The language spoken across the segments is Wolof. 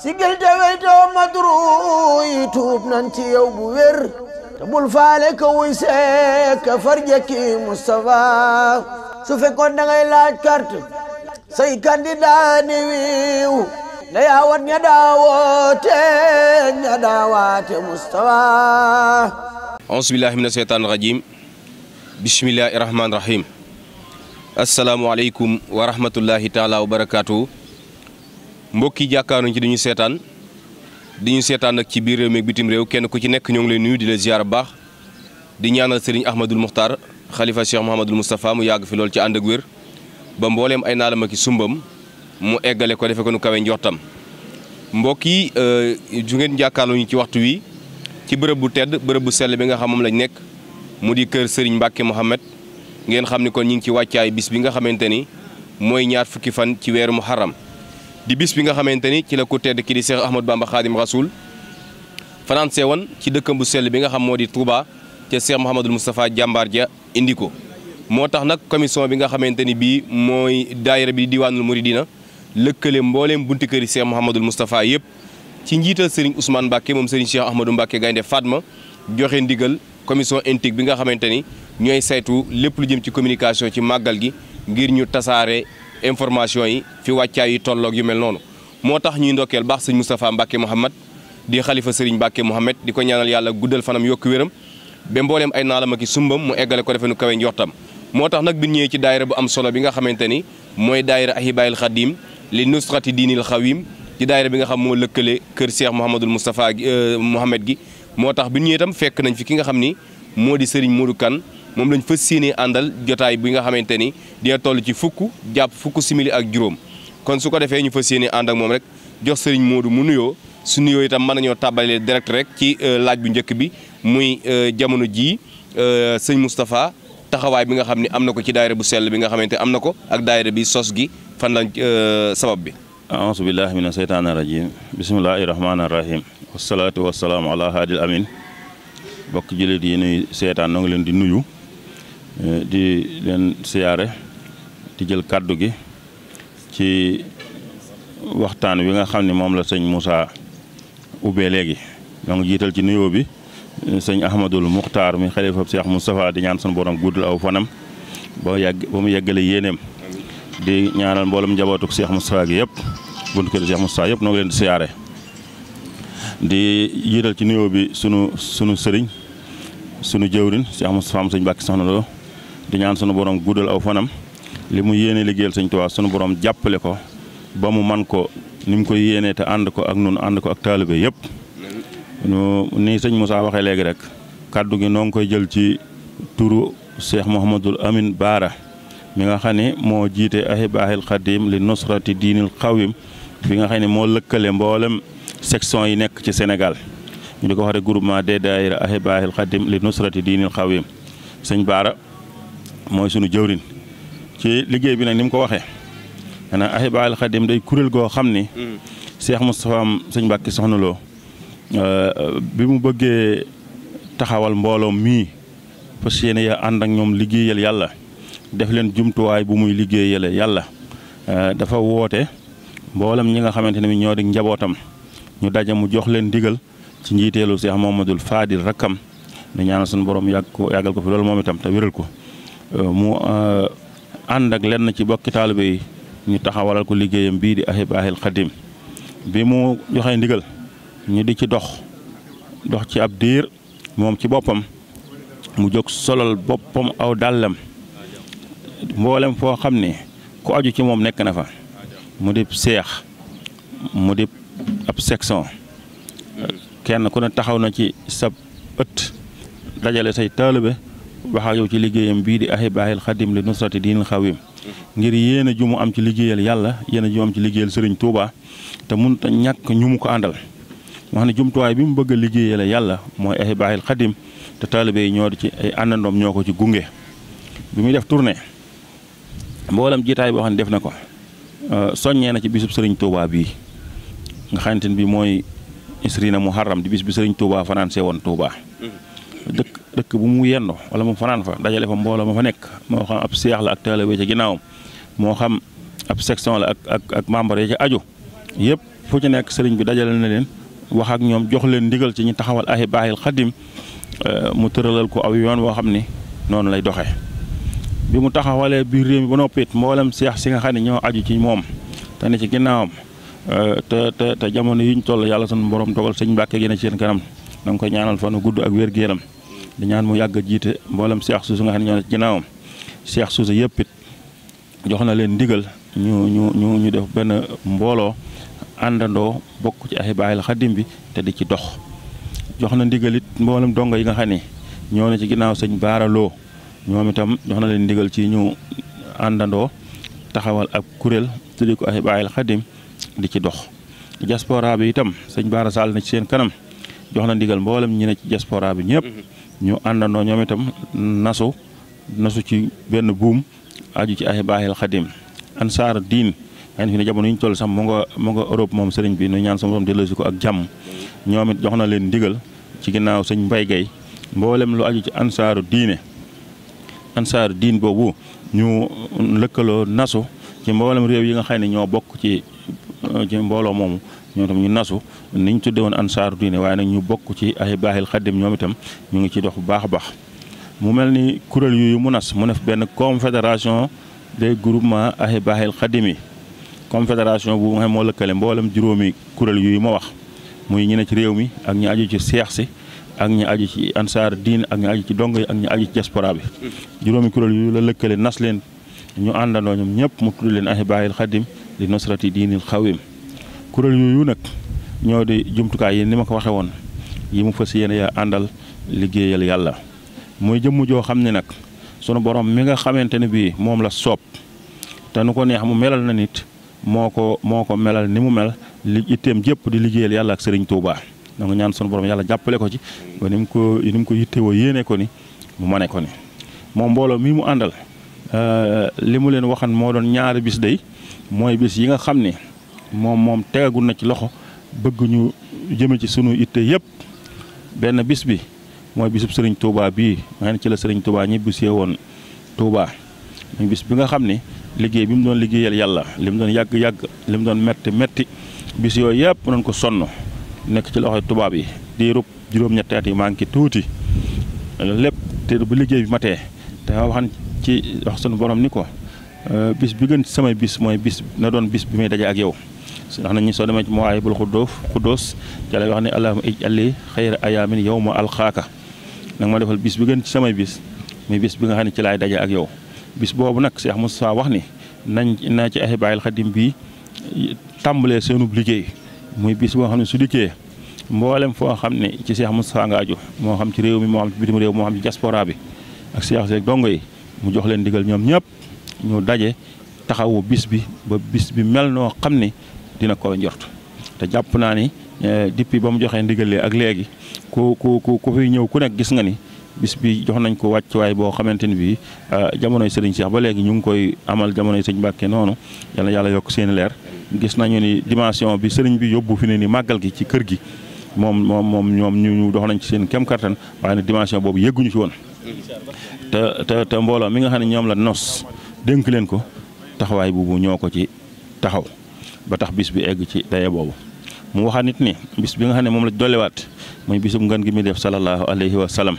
سجل جاويت يوم مدروي توب ننتي او بوير تبول فالك ويسيك فرجك مصطفى سوفي كون نغي لاج كارت سي كانديداني ويو ليا ون يداوتي يداواتي مصطفى أعوذ بالله من الشيطان الرجيم بسم الله الرحمن الرحيم السلام عليكم ورحمة الله تعالى وبركاته mbokk yi jàkkaaruñ ci dañu seetaan diñu seetaan nag ci biir réew mi bitim réew kenn ku ci nekk ñoo ngi lay nuyu di la ziar baax di ñaanal sëriñ Ahmadul Muxtaar xalifa Cheikh Mouhamadul Moustapha mu yàgg fi lool ci ànd ak wér ba mbooleem ay naalam ak sumbam mu eggale ko defe ko nu kawe njortam mbokk yi euh, ju ngeen jàkkaarloo ci waxtu wi ci bërëb bu tedd bërëb bu sell bi nga xam moom lañ nekk mu di kër sëriñ Mbacke Mohamed ngeen xam ni kon ñu ngi ci wàccaay bis bi nga xamante ni mooy ñaar fukki fan ci weeru Muharram di bis bi nga xamante ni ci la ku tedd ki di Cheikh Ahmadou Bamba Khadim Rasoul fanaanse woon ci dëkkam bu sell bi nga xam moo di Touba ca Cheikh Mouhamadul Moustapha jàmbaar ja indi ko moo tax nag commission bi nga xamante ni bii mooy daayira bi diwaanul dina lëkkale mbooleem bunti kër yi Cheikh Mouhamadul Moustapha yëpp ci njiital Serigne Ousmane Mbacke moom Serigne Cheikh Ahmadou Mbacke Gaynde Fatma joxe ndigal commission intique bi nga xamante ni ñooy saytu lépp lu jëm ci communication ci màggal gi ngir ñu tasaare information yi fi wàccaay yi tolloog yu mel noonu moo tax ñuy ndokkeel baax sëñ Moustapha Mbacke Mouhamad di xalifa sëriñ Mbacke Mouhamad di ko ñaanal yàlla guddal fanam yokku wéram ba mbooleem ay naalam ak i sumbam mu eggale ko defe nu kawe njortam moo tax nag bi ñëwee ci daayira bu am solo bi nga xamante ni mooy daayira ahibayil xadim li nusrati diinil xawim ci daayira bi nga xam moo lëkkale kër Cheikh Mouhamadul Moustapha euh, Mouhamad gi moo tax bi ñëwee itam fekk nañ fi ki nga xam ni moo di sëriñ Modou Kane moom lañ fas yéenee àndal jotaay bi nga xamante ni dina toll ci fukk jàpp fukk simili ak juróom kon su ko defee ñu fas yéenee ànd ak moom rek jox sëriñ Modou mu nuyoo su nuyoo itam mën nañoo tàbbalee direct rek ci euh, laaj bu njëkk bi muy euh, jamono jii euh, sëñ Moustapha taxawaay bi nga xam ne am na ko ci daayira bu sell bi nga xamante am na ko ak daayira bi sos gi fan lañ sabab bi aousu billahi mina seytaani rajim bisimilahi rahmaani rahim wasalaatu wasalaamu ala haadil amin bokk jullit yi nuy seetaan noo ngi leen di nuyu Eh, di len siyaare di jël kàddu gi ci waxtaan wi nga xamni mom la seigne Moussa ubbee léegi donc jital ci nuyo bi eh, seigne Ahmadul Muxtaar mi khalifa Cheikh Moustapha di ñaan sun borom guddul aw fanam ba yag ba mu yeggale di ñaanal mbolam njabootuk Cheikh Moustapha gi yépp buntu keur Cheikh Moustapha yépp no ngi leen di siyaare di jiital ci nuyo bi sunu sunu sëriñ sunu jëwrin Cheikh Moustapha am sëñ Mbàkke soxna di ñaan sunu borom gudal aw fanam li mu yéene liggéeyal sëñ Tuubaa sunu borom jàppale ko ba mu man ko ni mu ko yéenee te ànd ko ak nun ànd ko ak taalibe yëpp. ni sëñ Moussa waxee léegi rek kàddu gi noo ngi koy jël ci turu Cheikh Mouhamadul Amin Baara mi nga xam ne moo jiite ahibahil xadim li nusrati diinil xawim fi nga xam ne moo lëkkale mboolem section yi nekk ci senegal ñu di ko wax regroupement des daayira ahibahil xadim li nusrati diinil xawim sëñ Baara. mooy sunu jëwrin ci liggéey bi nag ni mu ko waxee xanaa Ahibahil Khadim day kuréel goo xam ni. Mm. Cheikh Moustapha sëñ Mbàkke Soxna Lo euh, bi mu bëggee taxawal mbooloo mii fas yéene ànd ak ñoom liggéeyal yàlla def leen jumtuwaay bu muy liggéeyale yàlla euh, dafa woote mboolem ñi nga xamante ne bi ñoo di njabootam ñu daja mu jox leen digal ci njiiteelu Cheikh Mohamadul Fadil rakkam di ñaanal suñu borom yàgg ko yàggal ko fi loolu moom itam te wéral ko mu euh, ànd ak lenn ci bokki taalibe yi ñu taxawalal ko liggéeyam bii di Ahibahil Khadim bi mu joxe ndigal ñu di ci dox dox ci ab diir moom ci boppam mu jóg solal boppam aw dàllam mboolem foo xam ni ku aju ci moom nekk na fa mu di seex mu di ab section kenn ku ne taxaw na ci sab ëtt dajale say taalibe wax ak yow ci liggéeyam bii di ahibaahil xadim li nusrati diinil xawim ngir yéen a ju mu am ci liggéeyal yàlla yéen a ju mu am ci liggéeyal sëriñ Touba te mënut ñàkk ñu mu ko àndal wax ne jumtuwaay bi mu bëgg a yàlla mooy ahibaahil xadim te taalibe yi ñoo di ci ay àndandoom ñoo ko ci gunge bi muy def tournée mboolem jiitaay boo xam ne def na ko euh, soññee na ci bisub sëriñ Touba bii nga xamante ne bii mooy isrina muharram di bis bi sëriñ Touba fanaan see woon Touba mm-hmm. dëkk bu mu yendu wala mu fanaan fa dajale fa mbooloo ma fa nekk moo xam ab seex la ak taalibe ca ginnaawam moo xam ab section la ak ak ak membre yi ci aju yëpp fu ci nekk sëriñ bi dajale na leen wax ak ñoom jox leen ndigal ci ñu taxawal Ahibahil Khadim euh, mu tëralal ko aw yoon woo xam ni noonu lay doxe bi mu taxawalee biir réew mi ba noppi it seex si nga xam ne ñoo aju ci moom te ne ci ginnaawam euh, te te te jamono yi ñu toll yàlla sunu borom dogal sëñ Mbàkke gi na ci di ñaan mu yàgg a jiite mboolem Cheikh Sousa nga xam ne ñoo ne yëpp it jox na leen ndigal ñu ñu ñu ñu def benn mbooloo àndandoo bokk ci Ahibahil Khadim bi te di ci dox. jox na ndigal it mboolem dongo yi nga xam ne ñoo ci ginnaaw sëñ baaraloo ñoom itam jox na leen ndigal ci ñu àndandoo taxawal ab kuréel tuddi ko Ahibahil Khadim di ci dox diaspora bi itam sëñ Baara Sall na ci seen kanam. jox na ndigal mboolem ñi ne ci diaspora bi ñëpp mhm. ñu àndandoo ñoom itam nasu nasu ci benn buum aju ci ay baaxil xadim ansaar diin xëy na fi jamono yi ñu toll sax mu nga mu nga moom sëriñ bi ñaan sama delloosi ko ak jàmm ñoom it jox na leen ndigal ci ginnaaw sëñ Mbay Gay mboolem lu aju ci ansaaru diine ansaaru diin boobu ñu lëkkaloo nasu ci mboolem réew yi nga xay ne ñoo bokk ci ci mbooloo moomu ñoom tam ñu nasu ni niñ tudde woon ansaaru diine waaye nag ñu bokk ci ay baaxil xaddim ñoom itam ñu ngi ci dox bu baax a baax mu mel ni kuréel yooyu mu nas mu def benn confédération des groupement ay baaxil xaddim yi confédération bu nga xam moo lëkkale mboolem juróomi kuréel yooyu ma wax muy ñu ne ci réew mi ak ñu aju ci seex si ak ñu aju ci ansaar diin ak ñu aju ci dongo yi ak ñu aju ci diaspora bi juróomi kuréel yooyu la lëkkale nas leen ñu àndandoo ñoom ñëpp mu leen ay baaxil xaddim di nasrati diinil xawim kuréel yooyu nak ñoo di jumtukaay yi ni ma ko waxe won yi mu fas ya andal àndal liggéeyal yàlla muy jëmm jo xam nak sunu borom mi nga xamante bi mom la sop tan ko neex mu melal na nit moko ko melal ni mu mel li item jep di liggéeyal yalla ak Serigne Touba da nga ñaan sunu borom yalla jàppale ko ci ba nim mu ko nim ko ko wo yéene ko ni mu mané ko ni mom mbolo mi mu andal euh limu len waxan mo doon ñaari bis day moy bis yi nga xam moom moom tegagu na ci loxo bëgguñu ñu jëme ci sunu it yëpp benn bis bi mooy bisub sëriñ Touba bii ma ne ci la sëriñ Touba ñibbi see woon Touba muy bis bi nga xam ni liggéey bi mu doon liggéeyal yàlla li mu doon yàgg yàgg li mu doon metti metti bis yooyu yëpp doon ko sonn nekk ci loxo tubaab yi di rub juróom-ñetti at yi manqué tuuti lépp te bu liggéey bi matee te wax ci wax sunu borom ni ko. Euh, bis bi gën ci samay bis mooy bis na doon bis bi may daje ak yow ndax nañu soo demee ci mawaahibul xuddóof xuddóos jàlla wax ne allahuma ij alli xayra ayaamin yow ma alxaaka nag ma defal bis bi gën ci samay bis muy bis bi nga xam ne ci laay daje ak yow bis boobu nag Cheikh Moustapha wax ni nañ na ci Ahibahil Khadim bii tàmbalee seenub liggéey muy bis boo xam ne su dikkee mboolem foo xam ne ci Cheikh Moustapha nga aju moo xam ci réew mi moo xam ci bitim réew moo xam ci diaspora bi ak Cheikh Seck dongo yi mu jox leen digal ñoom ñëpp ñu daje taxawu bis bi ba bis bi mel noo xam ni dina ko njort te jàpp naa ni eh, depuis ba mu joxee ndigalee ak léegi ku ku ku ku fiy ñëw ku nekk gis nga ni bis bi jox nañ ko wàcc waay boo xamante ni bii eh, jamonoy Serigne Cheikh ba léegi ñu ngi koy amal jamonoy Serigne Mbacke noonu yal na yokk seen leer gis nañu ni dimension bi Serigne bi yóbbu fi ne ni màggal gi ci kër gi moom moom moom ñoom ñu ñu dox nañ ci seen kem kartan waaye ne dimension boobu yëgguñu ci woon te te te mbooloo mi nga xam ne ñoom la nos dénk leen ko taxawaay boobu ñoo ko ci taxaw ba tax bis bi egg ci daye boobu mu waxaat nit ni bis bi nga xam ne moom la dolliwaat muy bisub ngan gi muy def salallaahu alayhi wa salaam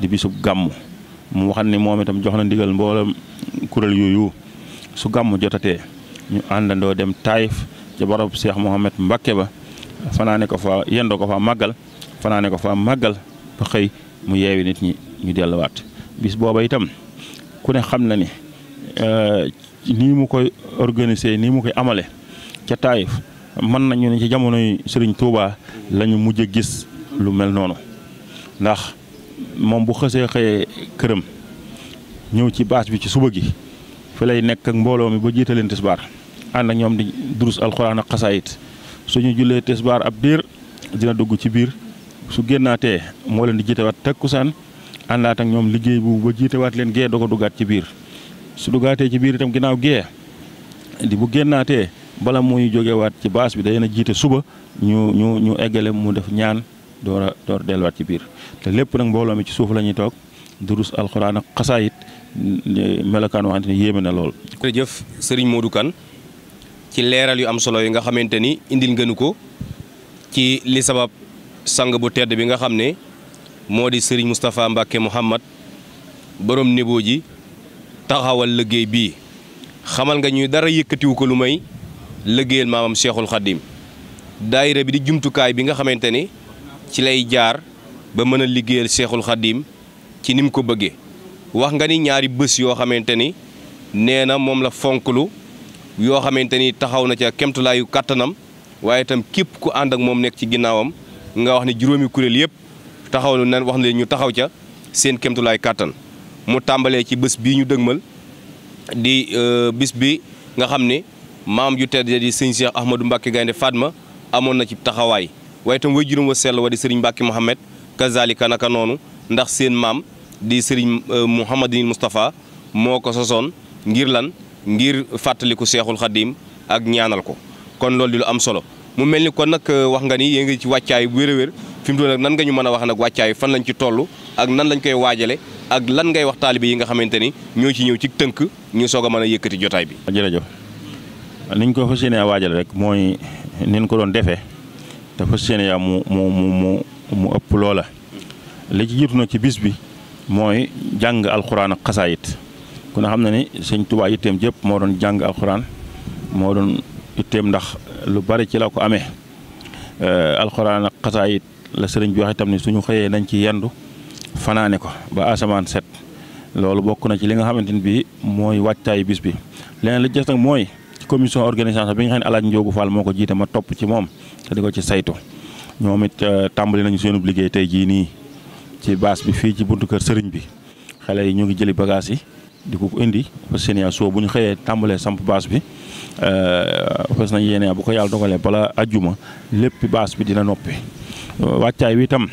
di bisub gàmm mu waxaat ni moom itam jox na ndigal mboolam kuréel yooyu su gàmmu jotatee ñu àndandoo dem taayif ca barab Cheikh Mouhamed Mbacke ba fanaane ko fa yendoo ko fa màggal fanaane ko fa màggal ba xëy mu yeewi nit ñi ñu delluwaat bis booba itam ku ne xam na ni nii mu koy organiser nii mu koy amale ca Taïf mën nañu ne ci jamonoy Serigne Touba la ñu mujj a gis lu mel noonu ndax moom bu xësee xëyee këram ñëw ci baas bi ci suba gi fi lay nekk ak mbooloo mi ba jiitaleen tisbaar ànd ak ñoom di durus alxuraan ak xasaayit suñu jullee tisbaar ab diir dina dugg ci biir su génnaatee moo leen di jiitewaat takkusaan àndaat ak ñoom liggéey bu ba jiitewaat leen gee doo ko duggaat ci biir su gaté ci biir itam ginnaaw gee di bu génnaatee bala joggé wat ci bass bi day na jiite suba ñu ñu ñu égalé mu def ñaan door a door delluwaat ci biir te lépp nak mbolo mi ci suuf lañuy tok durus alquran ak qasayit melakan waxante ne yéeme na lool. jërëjëf Serigne Modou kan ci léral yu am solo yi nga xamante indil ngënu ko ci li sabab sang bu tedd bi nga xamné modi Serigne mustapha mbake mohammed borom Nebo ji. taxawal liggéey bii xamal nga ñuy dara yëkkatiwu ko lu may liggéeyal maamam Cheikhul Khadim daayira bi di jumtukaay bi nga xamante ni ci lay jaar ba mën a liggéeyal Cheikhul Khadim ci ni mu ko bëggee wax nga ni ñaari bés yoo xamante ni nee na moom la fonklu yoo xamante ni taxaw na ca kemtulaayu kàttanam waaye itam képp ku ànd ak moom nekk ci ginnaawam nga wax ne juróomi kuréel yëpp taxaw na wax ne ñu taxaw ca seen kemtulaay kàttan mu tàmbalee ci bés bii ñu dëgmal di euh, bis bi nga xam ni maam ju tedd di sëñ Cheikh Ahmadou Mbacke Gaynde Fatma amoon na ci taxawaay waaye tam way juróom wa sell wa di sëriñ Mbacke Mohamed kazalika naka noonu ndax seen maam di sëriñ euh, Mouhamadinil Moustapha moo ko sosoon ngir lan ngir fàttaliku seexul xadim ak ñaanal ko kon loolu di lu am solo mu mel ni kon nag euh, wax nga ni yéen ngi ci wàccaay wér-wér fi mu toll nag nan nga ñu mën a wax nag wàccaay fan lañ ci toll ak nan lañ koy waajale ak lan ngay wax taalibe yi nga xamante ni ñoo ci ñëw cig tënk ñu soog a mën a yëkkati jotaay bi. jërëjëf niñ ko fas yéene waajale rek mooy niñ ko doon defee te fas yéene mu mu ëpp loola li ci jiitu na ci bis bi mooy jàng alxuraan ak xasaayit ku ne xam na ni sëñ Tuubaa itteem jëpp moo doon jàng alxuraan moo doon itteem ndax lu bari ci la ko amee alxuraan ak xasaayit la serigne bi wax itam ne suñu xeye nañ ci yandu fanane ko ba asaman set lolou bokku na ci li nga xamanteni bi moy waccay bis bi leneen li des moy, ci commission organisation bi nga xane aladj alaaj Fall moko jité ma top ci mom te diko ci saytu ñomit euh, tambali nañ suñu liggey tay ji ni ci bi fi, ci buntu keur serigne bi xalé yi ñu ngi jëli bagage yi di ko indi fa senia so buñu xeye tambalé samp baas bi euh, fas na yene bu ko yalla dogalé bala aljuma lepp bi dina noppé wàccaay wi tam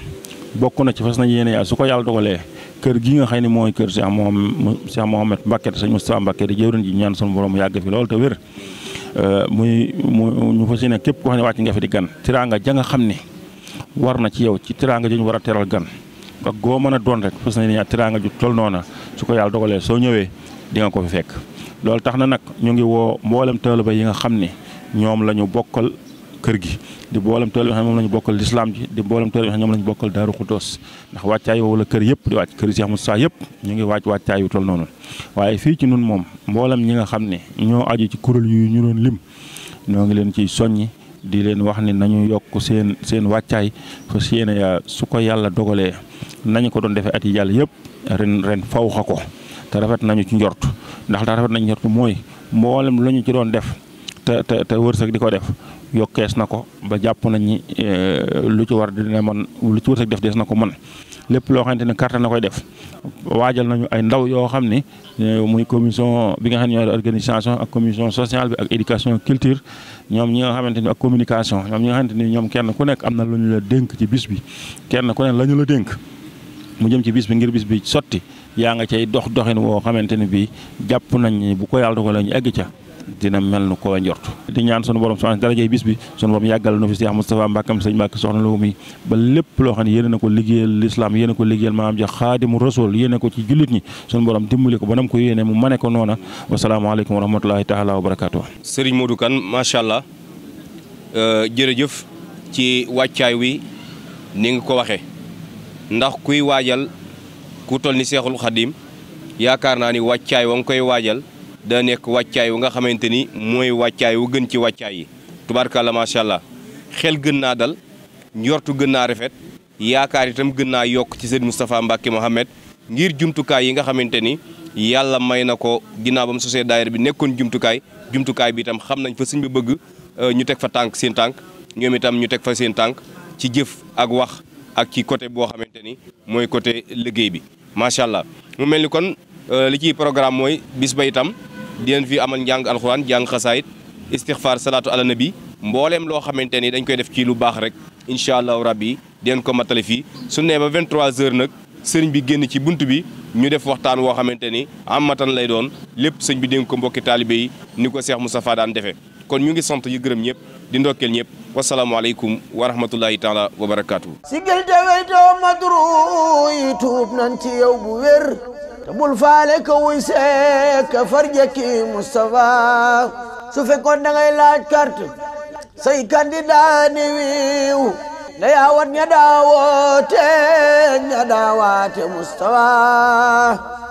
bokk na ci fas nañ yéene yàlla su ko yàlla dogalee kër gi nga xam ne mooy kër Cheikh Mouhamed Cheikh Mouhamed Mbacke sëñ Moustapha Mbacke di jëwrin ji ñaan sunu borom yàgg fi lool te wér euh, muy mu ñu fas yéene képp koo xam ne wàcc nga fi di gan tiraanga ja nga xam ne war na ci yow ci tiraanga ju ñu war a teral gan ak goo mën a doon rek fas nañ ne tiraanga ju tol noona su ko yàlla dogalee soo ñëwee di nga fekk loolu tax na nag ñu ngi woo mboolem taaliba yi nga xam ne ñoom lañu ñu bokkal kër gi di mboolem tool yi nga xam ne moom la ñu bokkal lislaam ji di mboolem tool yi nga xam ne la ñu bokkal daaru xudoos ndax wàccaay woowu kër yëpp di wàcc kër Cheikh Moussa yëpp ñu ngi wàcc wàccaay yu toll noonu waaye fii ci nun moom mboolem ñi nga xam ne ñoo aju ci kuréel yu ñu doon lim ñoo ngi leen ciy soññi di leen wax ne nañu yokk seen seen wàccaay fas su ko yàlla dogalee nañu ko doon defee at yi yàlla yëpp ren ren faw xa ko te rafet nañu ci njort ndax rafet nañu njort mooy mboolem lu ñu ci doon def te te te wërsëg di ko def yokkees na ko ba jàpp nañ ni eh, lu ci war dina mën lu ci wërsëg def des na ko mën lépp loo xamante ne carte na koy def waajal nañu ay ndaw yoo xam ne eh, muy commission bi nga xam ne ñooy organisation ak commission sociale bi ak éducation culture ñoom ñi nga xamante ni ak communication ñoom ñi nga ni ñoom kenn ku nekk am na lu ñu la dénk ci bis bi kenn ku nekk la ñu la dénk mu jëm ci bis bi ngir bis bi sotti yaa nga cay dox doxin woo xamante ne bii jàpp nañ bu ko yàlla dogalee ñu egg ca. dina mel nu ko njort di ñaan sunu borom soxna darajey bis bi sunu borom yàggal nu fi Cheikh Moustapha Mbàkkam sëñ Mbàkke soxna Lo mi ba lépp loo xam ne yéene na ko liggéeyal lislaam yéene ko liggéeyal maam ja xaadimu rasul yéene ko ci jullit ñi sunu borom dimbali ko ba nam ko yéene mu mane ko noona wasalaamaaleykum wa rahmatulahi taala wa barakaatu sëriñ Modou Kane macha allah euh, jërëjëf ci wàccaay wi ni nga ko waxee ndax kuy waajal ku toll ni seexul xadim yaakaar naa ni wàccaay wa nga koy waajal da nekk wàccaay wu nga xamante ni mooy wàccaay wu gën ci wàccaay yi tubaarkàlla macha allah xel gën naa dal yortu gën naa rafet yaakaar itam gën naa yokk ci sëriñ Moustapha Mbacke Mohamed ngir jumtukaay yi nga xamante ni yàlla may na ko ginnaaw ba mu sosee bi nekkoon jumtukaay jumtukaay bi itam xam nañ fa suñ ba bëgg euh, ñu teg fa tànk seen tànk ñoom itam ñu teg fa seen tànk ci jëf ak wax ak ci côté boo xamante ni mooy côté liggéey bi macha allah mel ni kon euh, li ciy programme mooy bis ba itam dien fi amal jang alquran jàng khasaid istighfar salatu ala nabi mbollem lo xamanteni dañ koy def ci lu bax rek inshallah rabbi dien ko matali fi su nee ba 23 h nak serigne bi génn ci buntu bi ñu def waxtaan wo xamanteni ni amatan lay doon lépp serigne bi dénk ko mbokki talibey yi ni ko Cheikh Moustapha daan defé kon ñu ngi sant yu gërëm ñëpp di ndokkeel ñëpp alaykum wa rahmatullahi taala wa barakatuh si gël te madru yi nan ci yow bu wér te bul faale ka wuy see ka farja ki Moustapha su fekkoon da ngay laaj carte say candidat na yaa wat ña daawoote ña daawaate Moustapha